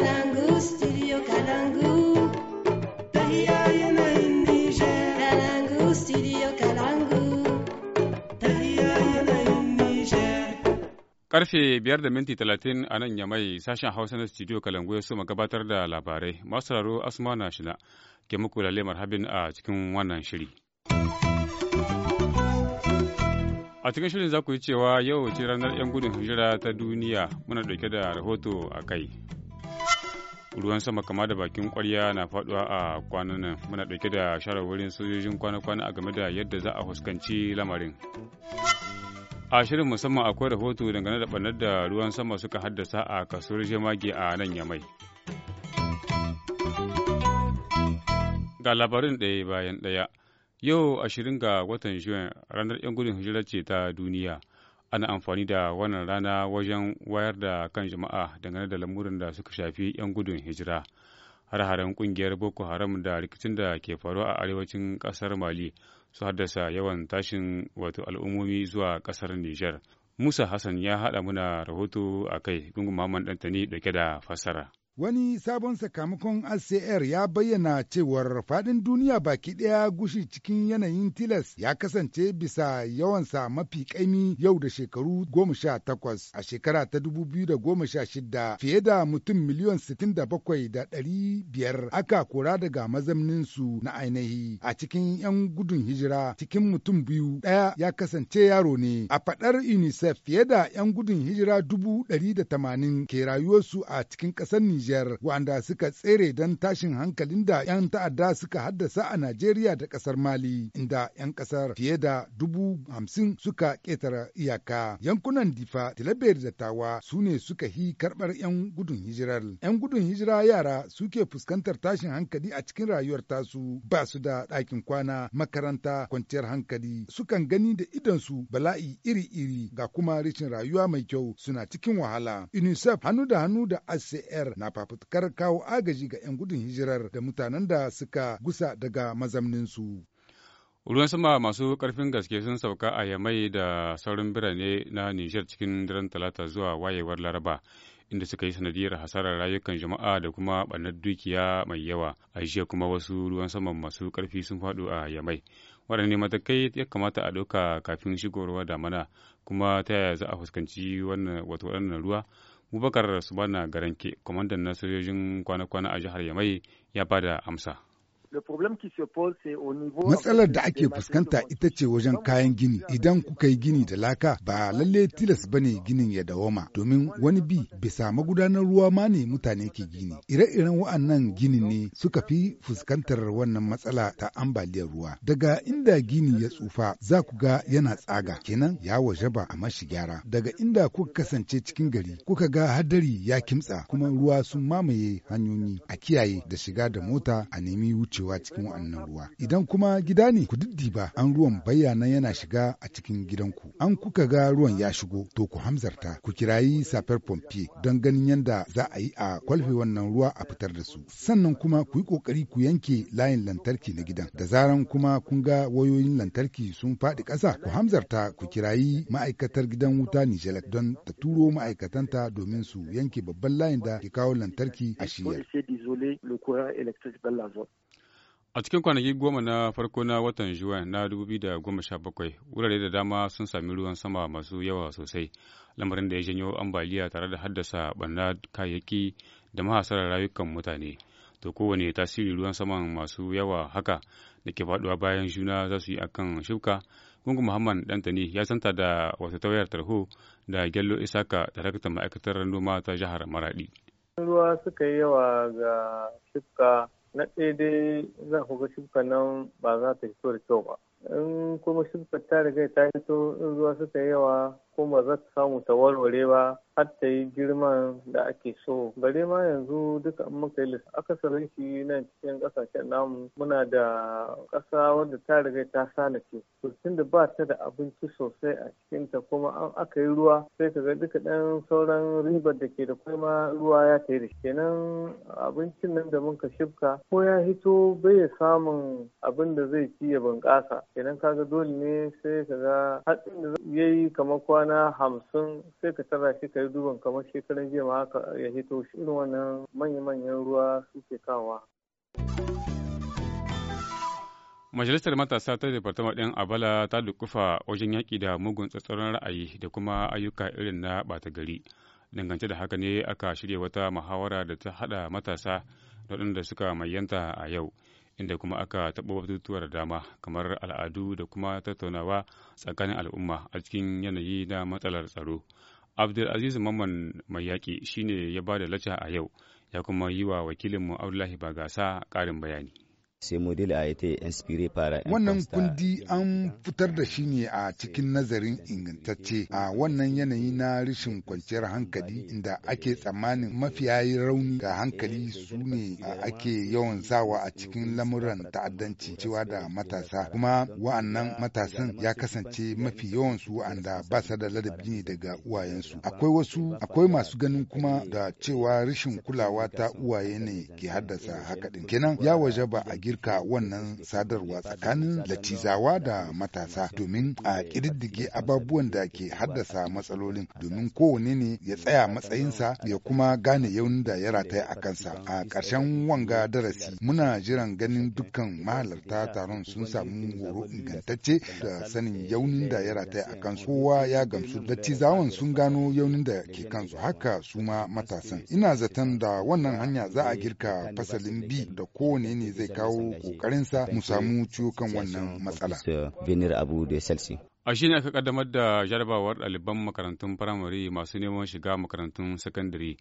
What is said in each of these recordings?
kalangu studio kalangu karfe biyar da minti talatin a nan yamai sashen hausa na studio kalangu ya soma gabatar da labarai masu sauraro asma na ke muku lalle marhabin a cikin wannan shiri a cikin shirin za ku yi cewa yau ce ranar 'yan gudun hijira ta duniya muna dauke da rahoto a kai ruwan sama kama da bakin kwarya na faduwa a kwanan nan muna dauke da shawarwarin sojojin kwana-kwana a game da yadda za a fuskanci lamarin a shirin musamman akwai rahoto dangane da banar da ruwan sama suka haddasa a kasuwar jemage a nan yamai ga labarin ɗaya bayan ɗaya yau ashirin ga watan juin ranar 'yan gudun hijira ce ta duniya ana amfani da wannan rana wajen wayar da kan jama'a dangane da lamurin da suka shafi 'yan gudun hijira har-haren kungiyar boko haram da rikicin da ke faruwa a arewacin kasar mali su haddasa yawan tashin wato al'ummomi zuwa kasar nijar musa hassan ya haɗa muna rahoto a kai gungun muhammad dantani dauke da fassara Wani sabon sakamakon RCR ya bayyana cewar faɗin duniya baki ɗaya gushi cikin yanayin tilas ya kasance bisa yawansa mafi ƙaimi yau da shekaru goma sha takwas a shekara ta dubu biyu da goma sha shida fiye da mutum miliyon sittin da bakwai da ɗari biyar aka kora daga mazamninsu na ainihi a cikin 'yan gudun hijira cikin mutum biyu ɗaya ya kasance yaro ne a faɗar UNICEF fiye da 'yan gudun hijira dubu ɗari da tamanin ke rayuwarsu a cikin ƙasar Nijar. Nijar wanda suka tsere don tashin hankalin da 'yan ta'adda suka haddasa a Najeriya da ƙasar Mali inda 'yan ƙasar fiye da dubu hamsin suka ƙetare iyaka. Yankunan Difa, Tilabiyar da Tawa su ne suka hi karɓar 'yan gudun hijirar. 'Yan gudun hijira yara suke fuskantar tashin hankali a cikin rayuwar tasu ba su da ɗakin kwana, makaranta, kwanciyar hankali. Sukan gani da idonsu bala'i iri-iri ga kuma rashin rayuwa mai kyau suna cikin wahala. UNICEF hannu da hannu da ACR na fafutukar kawo agaji ga 'yan gudun hijirar da mutanen da suka gusa daga mazamninsu. Ruwan sama masu ƙarfin gaske sun sauka a Yamai da sauran birane na Nijar cikin daren Talata zuwa wayewar Laraba, inda suka yi sanadiyar hasarar rayukan jama'a da kuma ɓannar dukiya mai yawa. A jiya kuma wasu ruwan sama masu ƙarfi sun faɗo a Yamai. Waɗanne matakai ya kamata a ɗauka kafin shigowar damana kuma ta yaya za a fuskanci wannan wato waɗannan ruwa? Bubakar Subana Garanke, kwamandan na kwana-kwana a jihar Yamai ya bada amsa. Matsalar da ake fuskanta ita ce wajen kayan gini. Idan kuka yi gini da laka ba lalle tilas ba ne ginin ya dawoma domin wani bi bisa magudanar ruwa ma ne mutane ke gini. Ire-iren wa'annan gini ne suka fi fuskantar wannan matsala ta ambaliyar ruwa. Daga inda gini ya tsufa za ku ga yana tsaga kenan ya waje ba a mashi gyara. Daga inda kuka kasance cikin gari kuka ga hadari ya kimtsa kuma ruwa sun mamaye hanyoyi a kiyaye da shiga da mota a nemi wuce. wucewa cikin wa'annan ruwa idan kuma gida ne ku diddiba an ruwan bayyana yana shiga a cikin gidanku an kuka ga ruwan ya shigo to ku hamzarta ku kirayi safar pompier don ganin yadda za a yi a kwalfe wannan ruwa a fitar da su sannan kuma ku yi kokari ku yanke layin lantarki na gidan da zaran kuma kun ga wayoyin lantarki sun faɗi ƙasa ku hamzarta ku kirayi ma'aikatar gidan wuta nijelek don ta turo ma'aikatanta domin su yanke babban layin da ke kawo lantarki a shiyar. A cikin kwanaki goma na farko na watan Juwan na 2017, wurare da dama sun sami ruwan sama masu yawa sosai, lamarin da ya janyo ambaliya tare da haddasa ɓanna kayayyaki da mahasarar rayukan mutane. To kowane tasiri ruwan saman masu yawa haka da ke faɗuwa bayan juna za su yi akan shuka, Gungun Muhammad Dantani ya santa da wata tauyar tarho da Gello Isaka daraktan ma'aikatar noma ta jihar Maradi. Ruwa suka yi yawa ga shuka na ɗaya dai za ku ga shuka nan ba za ta fito da kyau ba in kuma shuka ta riga ta fito in ruwa suka yawa ko ba za ta samu ta warware ba har ta yi girman da ake so bare ma yanzu duka an muka yi akasarin shi nan cikin kasashen namu muna da kasa wadda ta riga ta sanace tun da ba ta da abinci sosai a cikinta kuma an aka yi ruwa sai ka ga duka ɗan sauran ribar da ke da ma ruwa ya ta yi da kenan abincin nan da muka shifka ko ya hito bai samun abin da zai ci ya bunƙasa kenan kaga dole ne sai ka ga hatsin da yayi kamar kwana kwana hamsin sai ka tara shi ka yi duban kamar shekaran jiya ma haka ya hito shi irin wannan manya-manyan ruwa suke kawa. Majalisar Matasa ta Departamar ɗin Abala ta lukufa wajen yaƙi da mugun tsatsauran ra'ayi da kuma ayyuka irin na ɓata gari. Dangance da haka ne aka shirya wata muhawara da ta haɗa matasa da waɗanda suka mayanta a yau. inda kuma aka taɓa batutuwa dama kamar al'adu da kuma tattaunawa tsakanin al'umma a cikin yanayi na matsalar tsaro. Abdulaziz Mamman mai yaƙi shine ya ba da lacca a yau, ya kuma yi wa wakilinmu Abdullahi Bagasa ƙarin bayani. Wannan kundi an fitar da shi ne a cikin nazarin ingantacce a wannan yanayi na rashin kwanciyar hankali inda ake tsammanin mafiya rauni ga hankali su ne ake yawan sawa a cikin lamuran ta'addanci cewa da matasa kuma wa'annan matasan ya kasance mafi yawan su anda ba sa da ladabi ne daga uwayensu. Akwai wasu akwai masu ganin kuma da cewa rashin kulawa ta uwaye ne ke haddasa haka din. Kenan ya waje ba a girka wannan sadarwa tsakanin latizawa da matasa domin a ƙididdige ababuwan da ke haddasa matsalolin domin kowane ne ya tsaya matsayinsa ya kuma gane yaunin da ya rata a kansa a ƙarshen wanga darasi muna jiran ganin dukkan mahalarta taron sun samu horo ingantacce da sanin yaunin da ya rata a kan kowa ya gamsu lacizawan sun gano yaunin da ke kansu haka su ma matasan ina zaton da wannan hanya za a girka fasalin bi da kowane ne zai kawo ƙoƙarinsa mu samu ciwukan wannan matsala. A shi ne aka kaddamar da jarabawar ɗaliban makarantun firamare masu neman shiga makarantun sakandare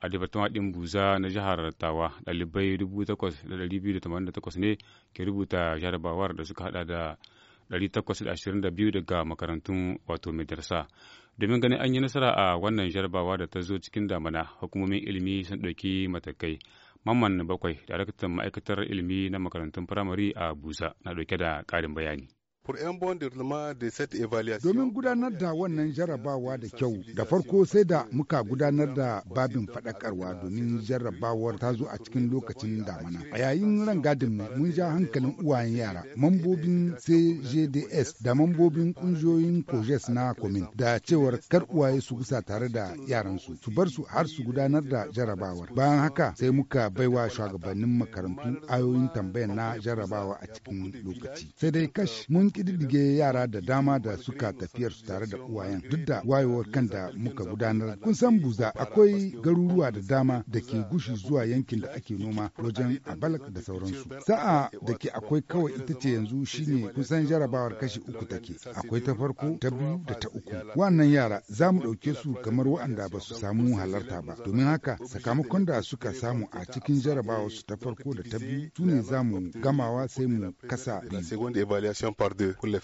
a Departement ɗin Buza na jihar Tawa ɗalibai 8,288 ne ke rubuta jarabawar da suka hada da 822 daga makarantun wato madarsa. Domin ganin an yi nasara a wannan jarabawa da ta zo cikin damana, hukumomin ilimi sun ɗauki matakai. Mamman bakwai, daraktan ma'aikatar ilimi na makarantun firamare a Busa, na ɗauke da ƙarin bayani. Domin gudanar da wannan jarrabawa da kyau, da farko sai da muka gudanar da babin faɗakarwa domin jarrabawar ta zo a cikin lokacin damana. A yayin rangadin mu mun ja hankalin uwayen yara, mambobin CJDS da mambobin ƙungiyoyin COGES na Komin da cewar kar uwaye su gusa tare da yaransu, su bar su har su gudanar da jarrabawar. Bayan haka sai muka baiwa shugabannin makarantu ayoyin tambayar na jarrabawa a cikin lokaci. Sai dai kash mun kididdige yara da dama da suka tafiyar su tare da uwayen duk da wayewar kan da muka gudanar. Kun san buza akwai garuruwa da dama da ke gushi zuwa yankin da ake noma wajen abalak da sauransu. Sa'a da ke akwai kawai ita ce yanzu shine kusan jarabawar kashi uku take. Akwai ta farko, ta biyu da ta uku. Wannan yara za mu ɗauke su kamar waɗanda ba su samu halarta ba. Domin haka sakamakon da suka samu a cikin jarabawar su ta farko da ta biyu su ne za mu gamawa sai mu kasa. de pour les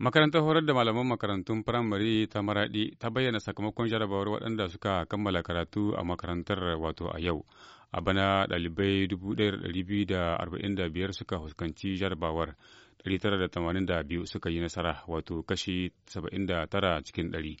Makarantar horar da malaman makarantun firamare ta Maraɗi ta bayyana sakamakon jarabawar waɗanda suka kammala karatu a makarantar wato a yau. A bana ɗalibai 1,245 suka fuskanci jarabawar 982 suka yi nasara wato kashi 79 cikin 100.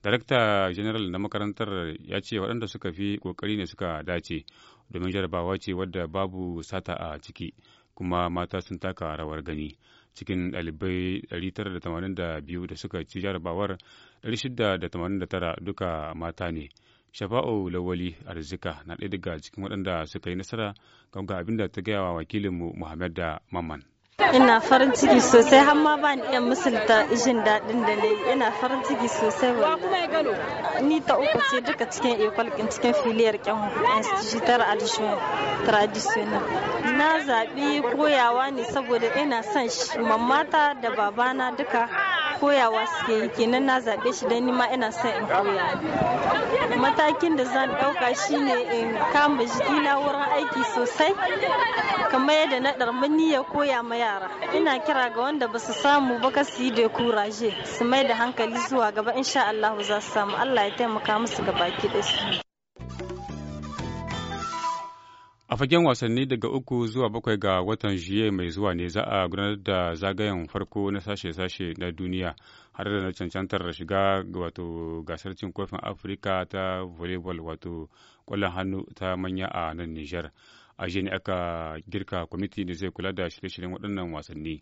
Darakta General na makarantar ya ce waɗanda suka fi ƙoƙari ne suka dace domin jarabawa ce wadda babu sata a ciki kuma mata sun taka rawar gani. cikin ɗalibai 982 da suka ci jarabawar 689 duka mata ne. Shafa'u Lawali Arzika na ɗaya daga cikin waɗanda suka yi nasara ga abin da ta gaya wa wakilinmu Muhammad da mamman ina farin ciki sosai har ma ba iya misalta jin daɗin da nayi ina farin ciki sosai wa ni ta uku ce duka cikin ekol cikin filiyar kyan institutar addition traditional na zaɓi koyawa ne saboda ina son mamata da babana duka koyawa suke yi kenan na zaɓe shi don nima ina son in koya matakin da zan ɗauka shine in kama jiki na wurin aiki sosai kamar yadda na ɗarmin ya koya ma yara ina kira ga wanda ba su samu ba ka su yi da kuraje su mai da hankali zuwa gaba insha Allah za su samu Allah ya taimaka musu gaba ki da su A fagen wasanni daga uku zuwa bakwai ga watan Juye mai zuwa ne za a gudanar da zagayen farko na sashe-sashe na duniya har da na cancantar shiga wato gasar cin kofin Afirka ta volleyball wato kwallon hannu ta manya a nan Nijar. A ne aka girka kwamiti da zai kula da shirye-shiryen waɗannan wasanni.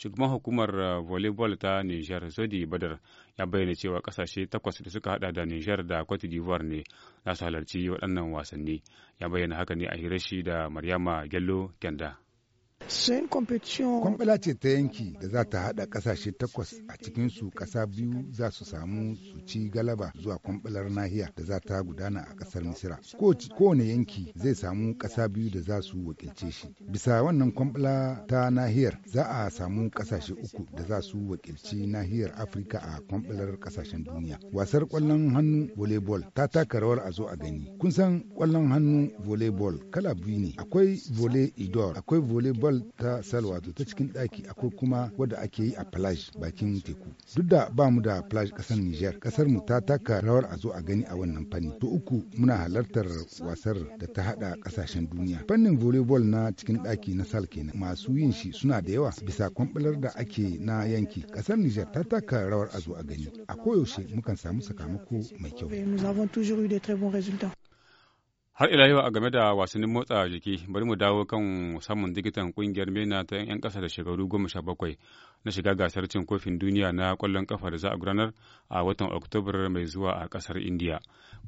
shugaban hukumar eh, volleyball ta niger zodi badar ya bayyana cewa kasashe takwas da suka hada da niger da cote d'ivoire ne za su halarci waɗannan wasanni ya bayyana haka ne a hirashi da maryama gello kyanda kwambala ce ta yanki da za ta haɗa ƙasashe takwas a cikin su ƙasa biyu za su samu su ci galaba zuwa kwambalar nahiya da za ta gudana a ƙasar Misira. Kowane yanki zai samu ƙasa biyu da za su wakilce shi. Bisa wannan kwambala ta nahiyar za a samu ƙasashe uku da za su wakilci nahiyar Afirka a kwamfilar ƙasashen duniya. Wasar ƙwallon hannu volleyball ta taka rawar a zo a gani. Kun san ƙwallon hannu volleyball kala biyu ne. Akwai volley idol akwai volleyball lakwal ta salwato ta cikin ɗaki akwai kuma wadda ake yi a plage bakin teku duk da ba mu da plage kasar niger kasar mu ta taka rawar a zo a gani a wannan fanni to uku muna halartar wasar da ta hada kasashen duniya fannin volleyball na cikin ɗaki na sal kenan masu yin shi suna da yawa bisa kwambalar da ake na yanki kasar niger ta taka rawar a zo a gani a koyaushe mukan samu sakamako mai kyau Har ila yau a game da wasannin motsa jiki bari mu dawo kan samun digitan kungiyar MENA ta 'yan kasa da shekaru goma sha bakwai na shiga gasar cin kofin duniya na kwallon kafa da za a gudanar a watan Oktobar mai zuwa a kasar india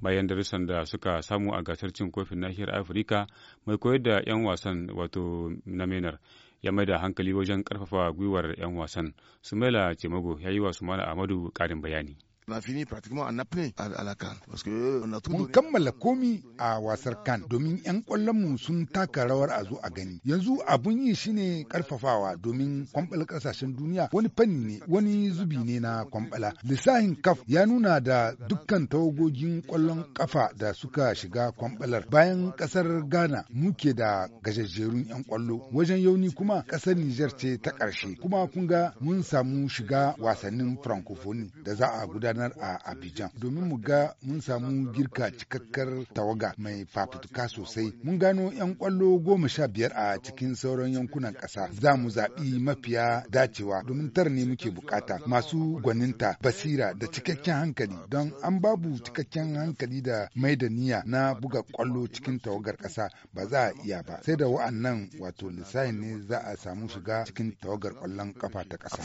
Bayan darussan da suka samu a gasar cin kofin nahiyar Afirka mai koyar da 'yan wasan wato na MENAR ya mai da hankali wajen karfafa gwiwar 'yan wasan. Sumaila Cemago ya yi wa Sumana Amadu karin bayani. on fini pratiquement en apnée à, à la CAN parce que on a tout mun kammala komi a wasar CAN domin yan kwallon mu sun taka rawar a zo a gani yanzu abun yi shine karfafawa domin kwambalar kasashen duniya wani fanni ne wani zubi ne na kwambala lisahin kaf ya nuna da dukkan tawagogin kwallon kafa da suka shiga kwambalar bayan kasar Ghana muke da gajejjerun yan kwallo wajen yauni kuma kasar Niger ce ta ƙarshe kuma kun ga mun samu shiga wasannin francophonie da za a gudanar gudanar a Abidjan domin mu ga mun samu girka cikakkar tawaga mai fafutuka sosai. Mun gano 'yan kwallo goma sha biyar a cikin sauran yankunan ƙasa. Za mu zaɓi mafiya dacewa domin tara ne muke bukata masu gwaninta basira da cikakken hankali don an babu cikakken hankali da mai da niyya na buga kwallo cikin tawagar ƙasa ba za a iya ba. Sai da wa'annan wato lissahin ne za a samu shiga cikin tawagar kwallon kafa ta ƙasa.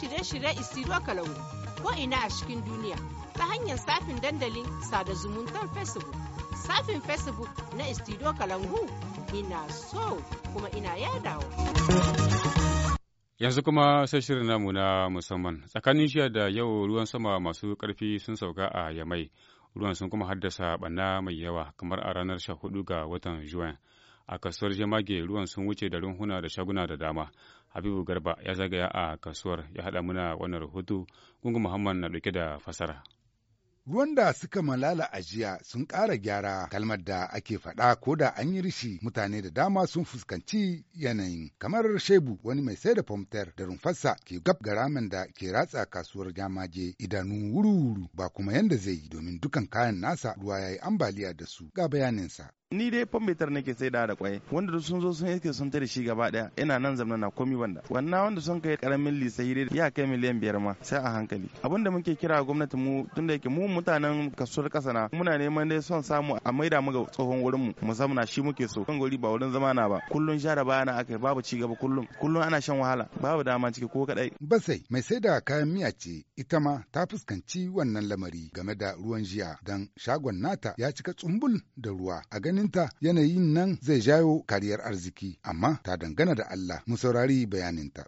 shirye-shirye isiro kalangu ko ina a cikin duniya ta hanyar safin dandalin sada zumuntar facebook safin facebook na isiro kalangu ina so kuma ina yadawa yanzu kuma sai shirin namu na musamman tsakanin shiya da yau ruwan sama masu karfi sun sauka a yamai ruwan sun kuma haddasa ɓanna mai yawa kamar a ranar sha hudu ga watan juwan a kasuwar jemage ruwan sun wuce da runhuna da shaguna da dama Habibu Garba ya zagaya a kasuwar ya haɗa muna wannan rahoto, Gungun Muhammad na ɗauke da fasara. Ruwan da suka malala a jiya sun ƙara gyara kalmar da ake faɗa ko da an yi rishi mutane da dama sun fuskanci yanayin kamar shebu wani mai sai da fomtar da rumfarsa ke gab garamen da ke ratsa kasuwar jamaje idanu wuru-wuru ba kuma yanda zai yi domin dukan kayan nasa ruwa ya yi ambaliya da su ga bayaninsa. ni dai fan metar nake sai da kwai wanda duk sun zo sun yake sun tare shi gaba daya ina nan zamna na komi banda wannan wanda sun kai karamin lisai dai ya kai miliyan biyar ma sai a hankali abin da muke kira gwamnati mu tunda yake mu mutanen kasuwar kasa na muna neman dai son samu a maida mu ga tsohon wurin mu musamman shi muke so kan gori ba wurin zama na ba kullun share bayana akai babu ci gaba kullun kullun ana shan wahala babu dama ciki ko kadai basai mai sai da kayan miya ce ita ma ta fuskanci wannan lamari game da ruwan jiya dan shagon nata ya cika tsumbul da ruwa a gani ganinta yanayin nan zai jayo kariyar arziki amma ta dangana da Allah mu saurari bayaninta.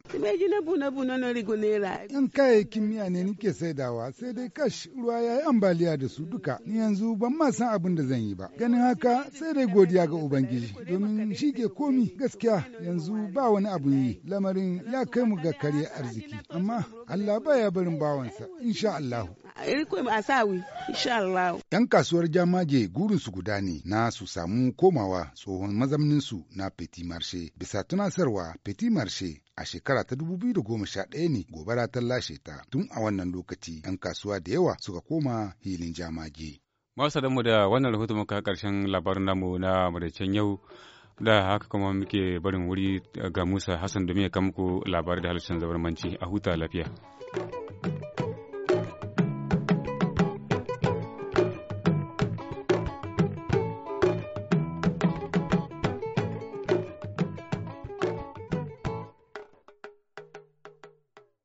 Yan kayayyakin miya ne nike saidawa sai dai kash ruwa ya yi ambaliya da su duka ni yanzu ban ma san abin da zan yi ba. Ganin haka sai dai godiya ga Ubangiji domin shi ke komi gaskiya yanzu ba wani abin yi lamarin ya kai mu ga kariyar arziki amma Allah baya barin bawansa insha Allahu. Eh, inshallah yan kasuwar jamage gurin su guda ne na su samu komawa tsohon mazamnin na petit marché bisa tunasarwa petit marché a shekara ta 2011 ne gobara ta lashe ta tun a wannan lokaci yan kasuwa da yawa suka koma hilin jamage masu da da wannan rahoton muka karshen labarin namu na madaicen yau da haka kuma muke barin wuri ga musa hassan domin ya kamku labarai da halittar zabarmanci a huta lafiya